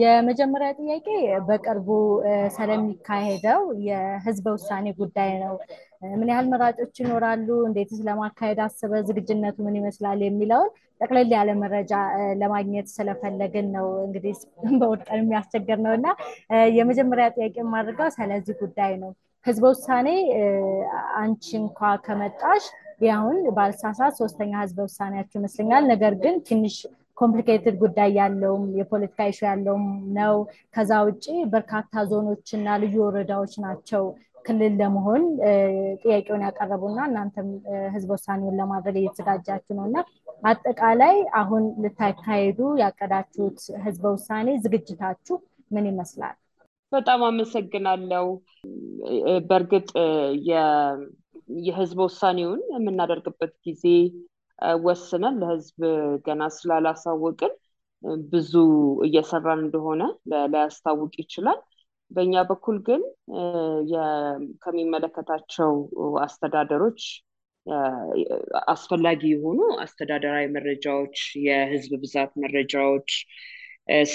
የመጀመሪያ ጥያቄ በቅርቡ ስለሚካሄደው የህዝበ ውሳኔ ጉዳይ ነው። ምን ያህል መራጮች ይኖራሉ? እንዴትስ ለማካሄድ አስበ ዝግጅነቱ ምን ይመስላል? የሚለውን ጠቅለል ያለ መረጃ ለማግኘት ስለፈለግን ነው። እንግዲህ በውድ የሚያስቸግር ነው እና የመጀመሪያ ጥያቄ የማድርገው ስለዚህ ጉዳይ ነው። ህዝበ ውሳኔ አንቺ እንኳ ከመጣሽ ያሁን ባልሳሳት ሶስተኛ ህዝበ ውሳኔያችሁ ይመስለኛል። ነገር ግን ትንሽ ኮምፕሊኬትድ ጉዳይ ያለውም የፖለቲካ ኢሹ ያለውም ነው። ከዛ ውጭ በርካታ ዞኖች እና ልዩ ወረዳዎች ናቸው ክልል ለመሆን ጥያቄውን ያቀረቡና እናንተም ህዝብ ውሳኔውን ለማድረግ እየተዘጋጃችሁ ነው እና አጠቃላይ አሁን ልታካሄዱ ያቀዳችሁት ህዝበ ውሳኔ ዝግጅታችሁ ምን ይመስላል? በጣም አመሰግናለሁ። በእርግጥ የህዝበ ውሳኔውን የምናደርግበት ጊዜ ወስነን ለህዝብ ገና ስላላሳወቅን ብዙ እየሰራን እንደሆነ ላያስታውቅ ይችላል። በእኛ በኩል ግን ከሚመለከታቸው አስተዳደሮች አስፈላጊ የሆኑ አስተዳደራዊ መረጃዎች፣ የህዝብ ብዛት መረጃዎች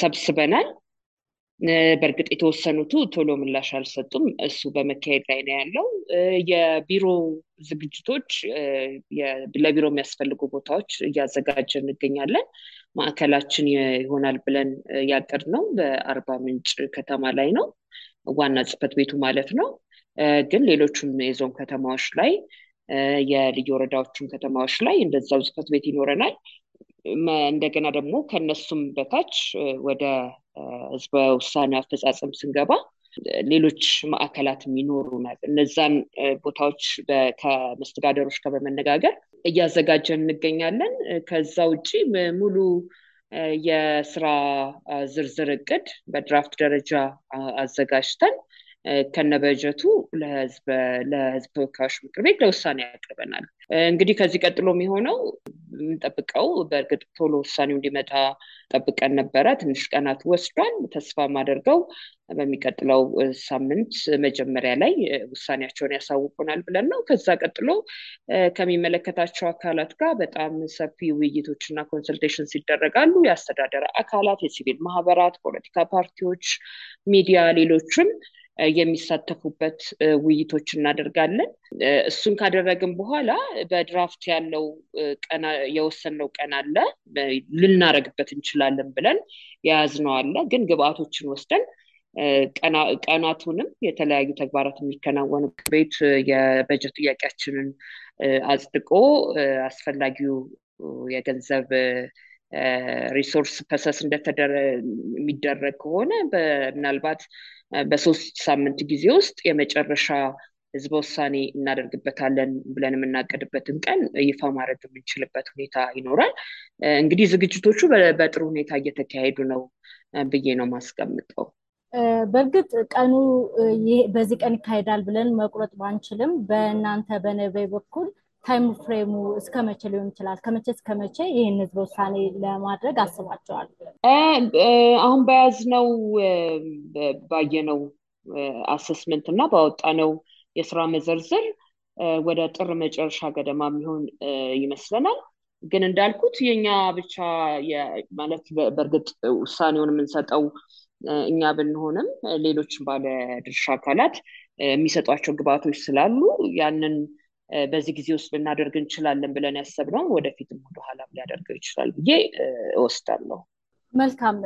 ሰብስበናል። በእርግጥ የተወሰኑቱ ቶሎ ምላሽ አልሰጡም። እሱ በመካሄድ ላይ ነው ያለው። የቢሮ ዝግጅቶች ለቢሮ የሚያስፈልጉ ቦታዎች እያዘጋጀ እንገኛለን። ማዕከላችን ይሆናል ብለን ነው በአርባ ምንጭ ከተማ ላይ ነው፣ ዋና ጽህፈት ቤቱ ማለት ነው። ግን ሌሎቹም የዞን ከተማዎች ላይ የልዩ ወረዳዎቹን ከተማዎች ላይ እንደዛው ጽፈት ቤት ይኖረናል። እንደገና ደግሞ ከነሱም በታች ወደ ህዝባዊ ውሳኔ አፈጻጸም ስንገባ ሌሎች ማዕከላት የሚኖሩ እነዛን ቦታዎች ከመስተዳደሮች ጋር በመነጋገር እያዘጋጀን እንገኛለን። ከዛ ውጭ ሙሉ የስራ ዝርዝር እቅድ በድራፍት ደረጃ አዘጋጅተን ከነበጀቱ ለህዝብ ተወካዮች ምክር ቤት ለውሳኔ ያቅርበናል። እንግዲህ ከዚህ ቀጥሎ የሚሆነው የምንጠብቀው በእርግጥ ቶሎ ውሳኔው እንዲመጣ ጠብቀን ነበረ። ትንሽ ቀናት ወስዷል። ተስፋ ማደርገው በሚቀጥለው ሳምንት መጀመሪያ ላይ ውሳኔያቸውን ያሳውቁናል ብለን ነው። ከዛ ቀጥሎ ከሚመለከታቸው አካላት ጋር በጣም ሰፊ ውይይቶችና ኮንሰልቴሽንስ ይደረጋሉ። የአስተዳደር አካላት፣ የሲቪል ማህበራት፣ ፖለቲካ ፓርቲዎች፣ ሚዲያ፣ ሌሎችም የሚሳተፉበት ውይይቶች እናደርጋለን። እሱን ካደረግን በኋላ በድራፍት ያለው ቀና የወሰንነው ቀን አለ ልናረግበት እንችላለን ብለን የያዝነው አለ። ግን ግብአቶችን ወስደን ቀናቱንም የተለያዩ ተግባራት የሚከናወኑ ቤት የበጀት ጥያቄያችንን አጽድቆ አስፈላጊው የገንዘብ ሪሶርስ እንደተደረ የሚደረግ ከሆነ ምናልባት በሶስት ሳምንት ጊዜ ውስጥ የመጨረሻ ህዝበ ውሳኔ እናደርግበታለን ብለን የምናቀድበትን ቀን ይፋ ማድረግ የምንችልበት ሁኔታ ይኖራል። እንግዲህ ዝግጅቶቹ በጥሩ ሁኔታ እየተካሄዱ ነው ብዬ ነው ማስቀምጠው። በእርግጥ ቀኑ በዚህ ቀን ይካሄዳል ብለን መቁረጥ ባንችልም በእናንተ በነበይ በኩል ታይም ፍሬሙ እስከ መቼ ሊሆን ይችላል? ከመቼ እስከ መቼ ይህን ህዝበ ውሳኔ ለማድረግ አስባቸዋል? አሁን በያዝነው ባየነው አሰስመንት እና ባወጣነው የስራ መዘርዝር ወደ ጥር መጨረሻ ገደማ የሚሆን ይመስለናል። ግን እንዳልኩት የኛ ብቻ ማለት በእርግጥ ውሳኔውን የምንሰጠው እኛ ብንሆንም ሌሎችን ባለ ድርሻ አካላት የሚሰጧቸው ግብዓቶች ስላሉ ያንን በዚህ ጊዜ ውስጥ ልናደርግ እንችላለን ብለን ያሰብነው ወደፊትም ወደኋላም ሊያደርገው ይችላል ብዬ እወስዳለሁ። መልካም።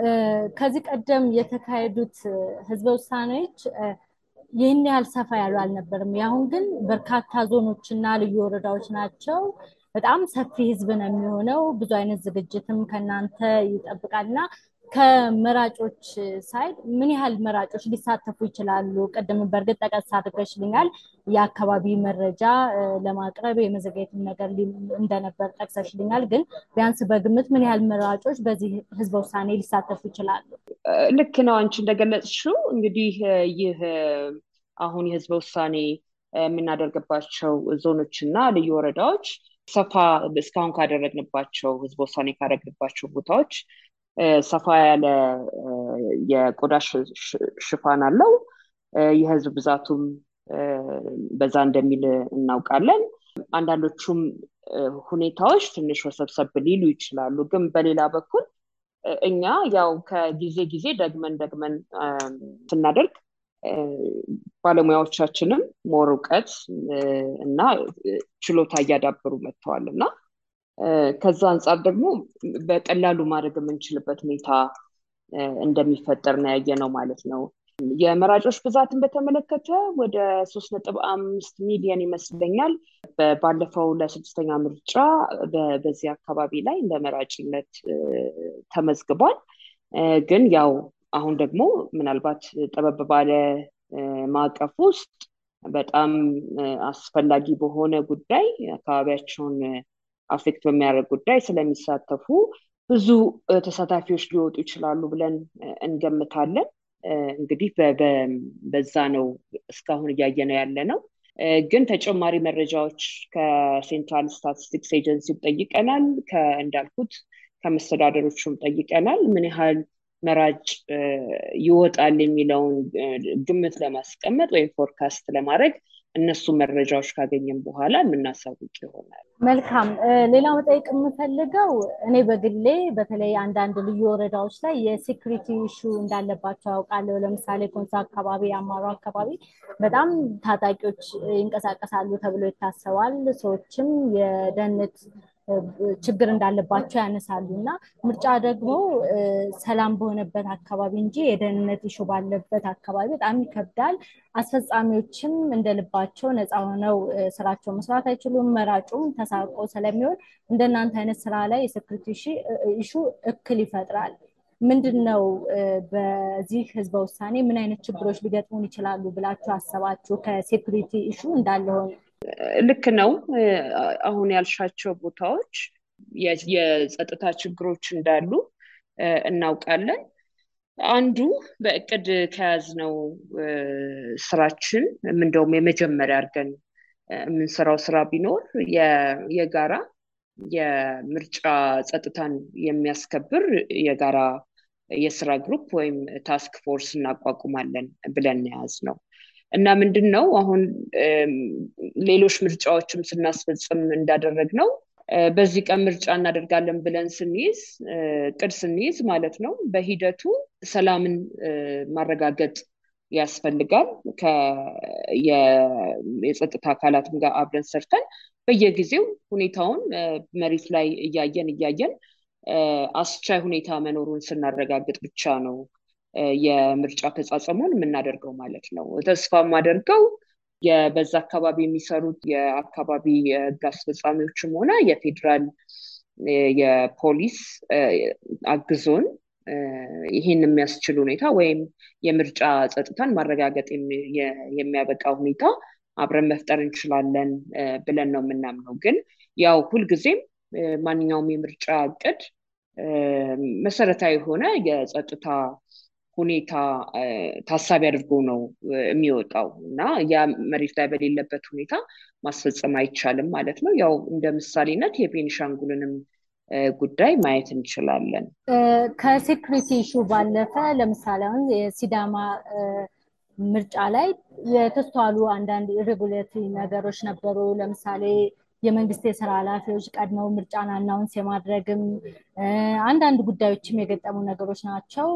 ከዚህ ቀደም የተካሄዱት ህዝበ ውሳኔዎች ይህን ያህል ሰፋ ያሉ አልነበርም። ያሁን ግን በርካታ ዞኖችና ልዩ ወረዳዎች ናቸው። በጣም ሰፊ ህዝብ ነው የሚሆነው። ብዙ አይነት ዝግጅትም ከእናንተ ይጠብቃል እና ከመራጮች ሳይድ ምን ያህል መራጮች ሊሳተፉ ይችላሉ? ቅድም በእርግጥ ጠቀስ አድርገሽልኛል። የአካባቢ መረጃ ለማቅረብ የመዘጋየት ነገር እንደነበር ጠቅሰሽልኛል። ግን ቢያንስ በግምት ምን ያህል መራጮች በዚህ ህዝበ ውሳኔ ሊሳተፉ ይችላሉ? ልክ ነው አንቺ እንደገለጽሽው እንግዲህ ይህ አሁን የህዝበ ውሳኔ የምናደርግባቸው ዞኖች እና ልዩ ወረዳዎች ሰፋ እስካሁን ካደረግንባቸው ህዝበ ውሳኔ ካደረግንባቸው ቦታዎች ሰፋ ያለ የቆዳ ሽፋን አለው። የህዝብ ብዛቱም በዛ እንደሚል እናውቃለን። አንዳንዶቹም ሁኔታዎች ትንሽ ወሰብሰብ ሊሉ ይችላሉ። ግን በሌላ በኩል እኛ ያው ከጊዜ ጊዜ ደግመን ደግመን ስናደርግ ባለሙያዎቻችንም ሞር እውቀት እና ችሎታ እያዳብሩ መጥተዋል እና ከዛ አንጻር ደግሞ በቀላሉ ማድረግ የምንችልበት ሁኔታ እንደሚፈጠር ነው ያየ ነው ማለት ነው። የመራጮች ብዛትን በተመለከተ ወደ ሶስት ነጥብ አምስት ሚሊዮን ይመስለኛል። ባለፈው ለስድስተኛ ምርጫ በዚህ አካባቢ ላይ ለመራጭነት ተመዝግቧል። ግን ያው አሁን ደግሞ ምናልባት ጠበብ ባለ ማዕቀፍ ውስጥ በጣም አስፈላጊ በሆነ ጉዳይ አካባቢያቸውን አፌክት በሚያደርግ ጉዳይ ስለሚሳተፉ ብዙ ተሳታፊዎች ሊወጡ ይችላሉ ብለን እንገምታለን። እንግዲህ በዛ ነው እስካሁን እያየ ነው ያለ ነው። ግን ተጨማሪ መረጃዎች ከሴንትራል ስታቲስቲክስ ኤጀንሲ ጠይቀናል። እንዳልኩት ከመስተዳደሮቹም ጠይቀናል። ምን ያህል መራጭ ይወጣል የሚለውን ግምት ለማስቀመጥ ወይም ፎርካስት ለማድረግ እነሱ መረጃዎች ካገኘን በኋላ የምናሳውቅ ይሆናል። መልካም። ሌላ መጠይቅ የምፈልገው እኔ በግሌ በተለይ አንዳንድ ልዩ ወረዳዎች ላይ የሴኩሪቲ ኢሹ እንዳለባቸው ያውቃለሁ። ለምሳሌ ኮንሶ አካባቢ፣ አማሮ አካባቢ በጣም ታጣቂዎች ይንቀሳቀሳሉ ተብሎ ይታሰባል። ሰዎችም የደህንነት ችግር እንዳለባቸው ያነሳሉ እና ምርጫ ደግሞ ሰላም በሆነበት አካባቢ እንጂ የደህንነት ኢሹ ባለበት አካባቢ በጣም ይከብዳል። አስፈጻሚዎችም እንደልባቸው ነፃ ሆነው ስራቸው መስራት አይችሉም። መራጩም ተሳቆ ስለሚሆን እንደናንተ አይነት ስራ ላይ የሴኩሪቲ ኢሹ እክል ይፈጥራል። ምንድን ነው በዚህ ህዝበ ውሳኔ ምን አይነት ችግሮች ሊገጥሙን ይችላሉ ብላችሁ አሰባችሁ? ከሴኩሪቲ ኢሹ እንዳለ ሆነ ልክ ነው። አሁን ያልሻቸው ቦታዎች የጸጥታ ችግሮች እንዳሉ እናውቃለን። አንዱ በእቅድ ከያዝነው ስራችን እንደውም የመጀመሪያ አድርገን የምንሰራው ስራ ቢኖር የጋራ የምርጫ ጸጥታን የሚያስከብር የጋራ የስራ ግሩፕ ወይም ታስክ ፎርስ እናቋቁማለን ብለን ያዝ ነው እና ምንድን ነው አሁን ሌሎች ምርጫዎችም ስናስፈጽም እንዳደረግ ነው በዚህ ቀን ምርጫ እናደርጋለን ብለን ስንይዝ ቅድ ስንይዝ ማለት ነው በሂደቱ ሰላምን ማረጋገጥ ያስፈልጋል የጸጥታ አካላትም ጋር አብረን ሰርተን በየጊዜው ሁኔታውን መሬት ላይ እያየን እያየን አስቻይ ሁኔታ መኖሩን ስናረጋግጥ ብቻ ነው የምርጫ ፈጻጸሙን የምናደርገው ማለት ነው ተስፋ ማደርገው በዛ አካባቢ የሚሰሩት የአካባቢ ህግ አስፈጻሚዎችም ሆነ የፌዴራል የፖሊስ አግዞን ይህን የሚያስችል ሁኔታ ወይም የምርጫ ጸጥታን ማረጋገጥ የሚያበቃ ሁኔታ አብረን መፍጠር እንችላለን ብለን ነው የምናምነው። ግን ያው ሁልጊዜም ማንኛውም የምርጫ እቅድ መሰረታዊ የሆነ የጸጥታ ሁኔታ ታሳቢ አድርጎ ነው የሚወጣው እና ያ መሬት ላይ በሌለበት ሁኔታ ማስፈጸም አይቻልም ማለት ነው። ያው እንደ ምሳሌነት የቤኒሻንጉልንም ጉዳይ ማየት እንችላለን። ከሴኩሪቲ ኢሹ ባለፈ ለምሳሌ አሁን የሲዳማ ምርጫ ላይ የተስተዋሉ አንዳንድ ኢሬጉሌተሪ ነገሮች ነበሩ። ለምሳሌ የመንግስት የስራ ኃላፊዎች ቀድመው ምርጫን አናውንስ የማድረግም አንዳንድ ጉዳዮችም የገጠሙ ነገሮች ናቸው።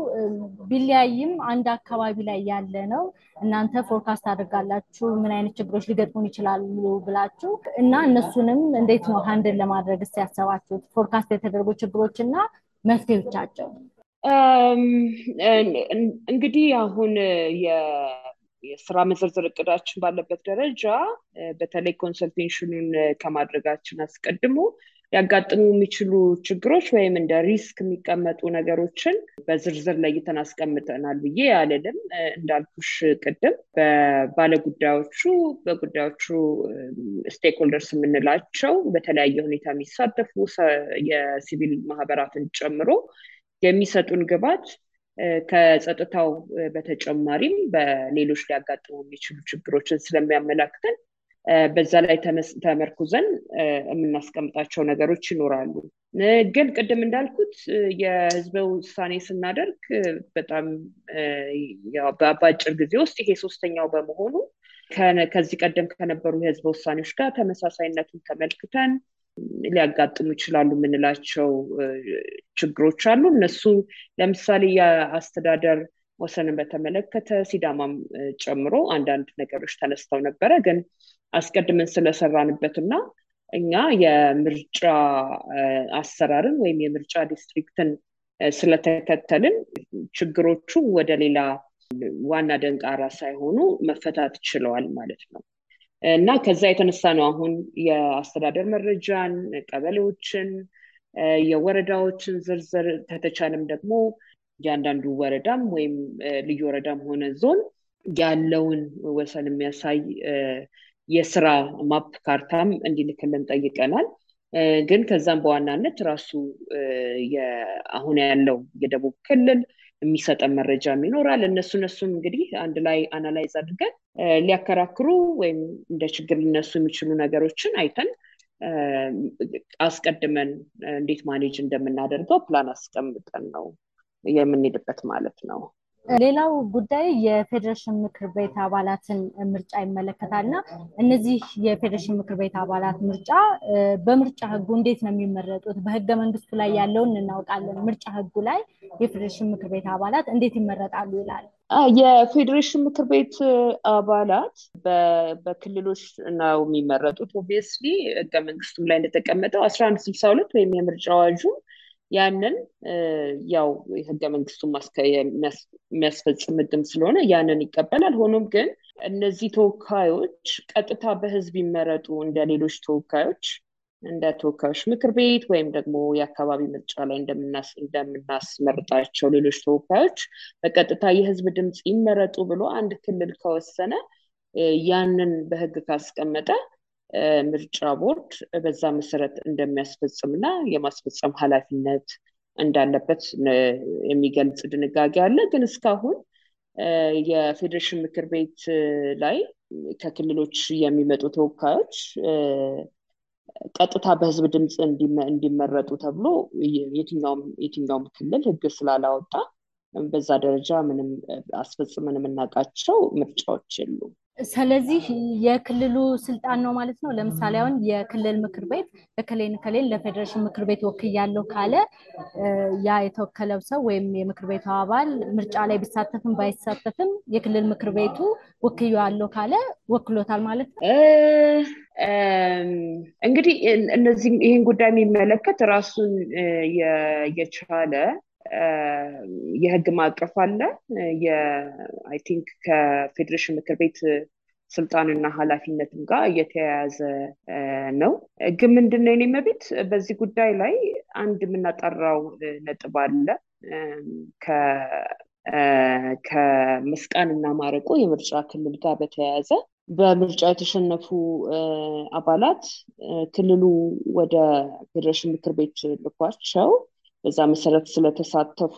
ቢለያይም አንድ አካባቢ ላይ ያለ ነው። እናንተ ፎርካስት አድርጋላችሁ ምን አይነት ችግሮች ሊገጥሙን ይችላሉ ብላችሁ እና እነሱንም እንዴት ነው ሀንድን ለማድረግ ስ ያሰባችሁት? ፎርካስት የተደረጉ ችግሮች እና መፍትሄዎቻቸው እንግዲህ አሁን የስራ መዘርዘር እቅዳችን ባለበት ደረጃ በተለይ ኮንሰልቴንሽኑን ከማድረጋችን አስቀድሞ ሊያጋጥሙ የሚችሉ ችግሮች ወይም እንደ ሪስክ የሚቀመጡ ነገሮችን በዝርዝር ለይተን አስቀምጠናል ብዬ አልልም። እንዳልኩሽ ቅድም በባለጉዳዮቹ በጉዳዮቹ ስቴክሆልደርስ የምንላቸው በተለያየ ሁኔታ የሚሳተፉ የሲቪል ማህበራትን ጨምሮ የሚሰጡን ግባት ከጸጥታው በተጨማሪም በሌሎች ሊያጋጥሙ የሚችሉ ችግሮችን ስለሚያመላክተን በዛ ላይ ተመርኩዘን የምናስቀምጣቸው ነገሮች ይኖራሉ። ግን ቅድም እንዳልኩት የህዝበ ውሳኔ ስናደርግ በጣም በአጭር ጊዜ ውስጥ ይሄ ሶስተኛው በመሆኑ ከዚህ ቀደም ከነበሩ የህዝበ ውሳኔዎች ጋር ተመሳሳይነቱን ተመልክተን ሊያጋጥሙ ይችላሉ የምንላቸው ችግሮች አሉ። እነሱ ለምሳሌ የአስተዳደር ወሰንን በተመለከተ ሲዳማም ጨምሮ አንዳንድ ነገሮች ተነስተው ነበረ። ግን አስቀድመን ስለሰራንበት እና እኛ የምርጫ አሰራርን ወይም የምርጫ ዲስትሪክትን ስለተከተልን ችግሮቹ ወደ ሌላ ዋና ደንቃራ ሳይሆኑ መፈታት ችለዋል ማለት ነው። እና ከዛ የተነሳ ነው አሁን የአስተዳደር መረጃን፣ ቀበሌዎችን፣ የወረዳዎችን ዝርዝር ከተቻለም ደግሞ እያንዳንዱ ወረዳም ወይም ልዩ ወረዳም ሆነ ዞን ያለውን ወሰን የሚያሳይ የስራ ማፕ ካርታም እንዲልክልን ጠይቀናል። ግን ከዛም በዋናነት ራሱ አሁን ያለው የደቡብ ክልል የሚሰጠን መረጃም ይኖራል። እነሱ እነሱም እንግዲህ አንድ ላይ አናላይዝ አድርገን ሊያከራክሩ ወይም እንደ ችግር ሊነሱ የሚችሉ ነገሮችን አይተን አስቀድመን እንዴት ማኔጅ እንደምናደርገው ፕላን አስቀምጠን ነው የምንሄድበት ማለት ነው። ሌላው ጉዳይ የፌዴሬሽን ምክር ቤት አባላትን ምርጫ ይመለከታልና እነዚህ የፌዴሬሽን ምክር ቤት አባላት ምርጫ በምርጫ ህጉ እንዴት ነው የሚመረጡት? በህገ መንግስቱ ላይ ያለውን እናውቃለን። ምርጫ ህጉ ላይ የፌዴሬሽን ምክር ቤት አባላት እንዴት ይመረጣሉ ይላል። የፌዴሬሽን ምክር ቤት አባላት በክልሎች ነው የሚመረጡት። ኦብቪየስሊ ህገ መንግስቱም ላይ እንደተቀመጠው አስራ አንድ ስልሳ ሁለት ወይም የምርጫ አዋጁ ያንን ያው የህገ መንግስቱን የሚያስፈጽም ድም ስለሆነ ያንን ይቀበላል። ሆኖም ግን እነዚህ ተወካዮች ቀጥታ በህዝብ ይመረጡ እንደ ሌሎች ተወካዮች እንደ ተወካዮች ምክር ቤት ወይም ደግሞ የአካባቢ ምርጫ ላይ እንደምናስመርጣቸው ሌሎች ተወካዮች በቀጥታ የህዝብ ድምፅ ይመረጡ ብሎ አንድ ክልል ከወሰነ ያንን በህግ ካስቀመጠ ምርጫ ቦርድ በዛ መሰረት እንደሚያስፈጽምና የማስፈጸም ሀላፊነት እንዳለበት የሚገልጽ ድንጋጌ አለ። ግን እስካሁን የፌዴሬሽን ምክር ቤት ላይ ከክልሎች የሚመጡ ተወካዮች ቀጥታ በህዝብ ድምፅ እንዲመረጡ ተብሎ የትኛውም ክልል ህግ ስላላወጣ በዛ ደረጃ ምንም አስፈጽመን የምናውቃቸው ምርጫዎች የሉ ስለዚህ የክልሉ ስልጣን ነው ማለት ነው። ለምሳሌ አሁን የክልል ምክር ቤት እከሌን እከሌን ለፌዴሬሽን ምክር ቤት ወክያለሁ ካለ ያ የተወከለው ሰው ወይም የምክር ቤቱ አባል ምርጫ ላይ ቢሳተፍም ባይሳተፍም የክልል ምክር ቤቱ አለው ካለ ወክሎታል ማለት ነው። እንግዲህ እነዚህ ይህን ጉዳይ የሚመለከት ራሱን የቻለ የህግ ማዕቀፍ አለ። አይ ቲንክ ከፌዴሬሽን ምክር ቤት ስልጣንና ሀላፊነትም ጋር እየተያያዘ ነው። ግን ምንድነ ነው መቤት በዚህ ጉዳይ ላይ አንድ የምናጠራው ነጥብ አለ። ከምስቃንና ማረቆ የምርጫ ክልል ጋር በተያያዘ በምርጫ የተሸነፉ አባላት ክልሉ ወደ ፌዴሬሽን ምክር ቤት ልኳቸው በዛ መሰረት ስለተሳተፉ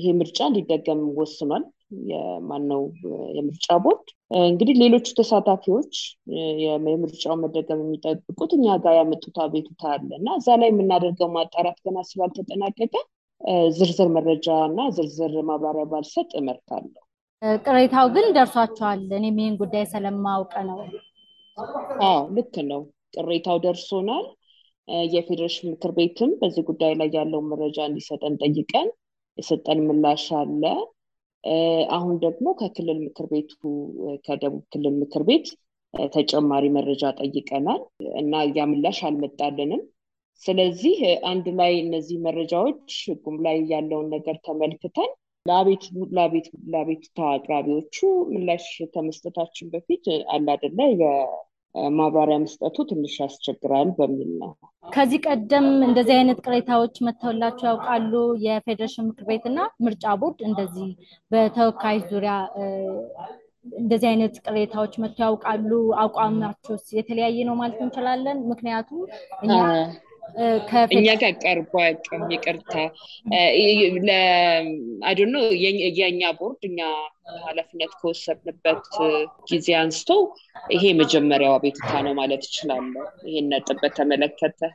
ይሄ ምርጫ እንዲደገም ወስኗል። የማነው የምርጫ ቦርድ እንግዲህ ሌሎቹ ተሳታፊዎች የምርጫው መደገም የሚጠብቁት እኛ ጋር ያመጡት አቤቱታ አለ እና እዛ ላይ የምናደርገው ማጣራት ገና ስላልተጠናቀቀ ዝርዝር መረጃ እና ዝርዝር ማብራሪያ ባልሰጥ እመርጣለሁ። ቅሬታው ግን ደርሷቸዋል። እኔም ይህን ጉዳይ ስለማውቅ ነው። ልክ ነው። ቅሬታው ደርሶናል። የፌዴሬሽን ምክር ቤትም በዚህ ጉዳይ ላይ ያለውን መረጃ እንዲሰጠን ጠይቀን የሰጠን ምላሽ አለ። አሁን ደግሞ ከክልል ምክር ቤቱ ከደቡብ ክልል ምክር ቤት ተጨማሪ መረጃ ጠይቀናል እና ያ ምላሽ አልመጣልንም። ስለዚህ አንድ ላይ እነዚህ መረጃዎች ህጉም ላይ ያለውን ነገር ተመልክተን ለቤት ለቤት ለአቤቱታ አቅራቢዎቹ ምላሽ ከመስጠታችን በፊት አላደለ ማብራሪያ መስጠቱ ትንሽ ያስቸግራል በሚል ነው። ከዚህ ቀደም እንደዚህ አይነት ቅሬታዎች መጥተውላቸው ያውቃሉ? የፌዴሬሽን ምክር ቤት እና ምርጫ ቦርድ እንደዚህ በተወካዮች ዙሪያ እንደዚህ አይነት ቅሬታዎች መጥተው ያውቃሉ? አቋማቸውስ የተለያየ ነው ማለት እንችላለን? ምክንያቱም እኛ እኛ ጋር ቀርቦ አያውቅም። ይቅርታ አዶ ነው የእኛ ቦርድ እኛ ኃላፊነት ከወሰድንበት ጊዜ አንስቶ ይሄ የመጀመሪያው አቤቱታ ነው ማለት እችላለሁ። ይሄን ነጥብ በተመለከተ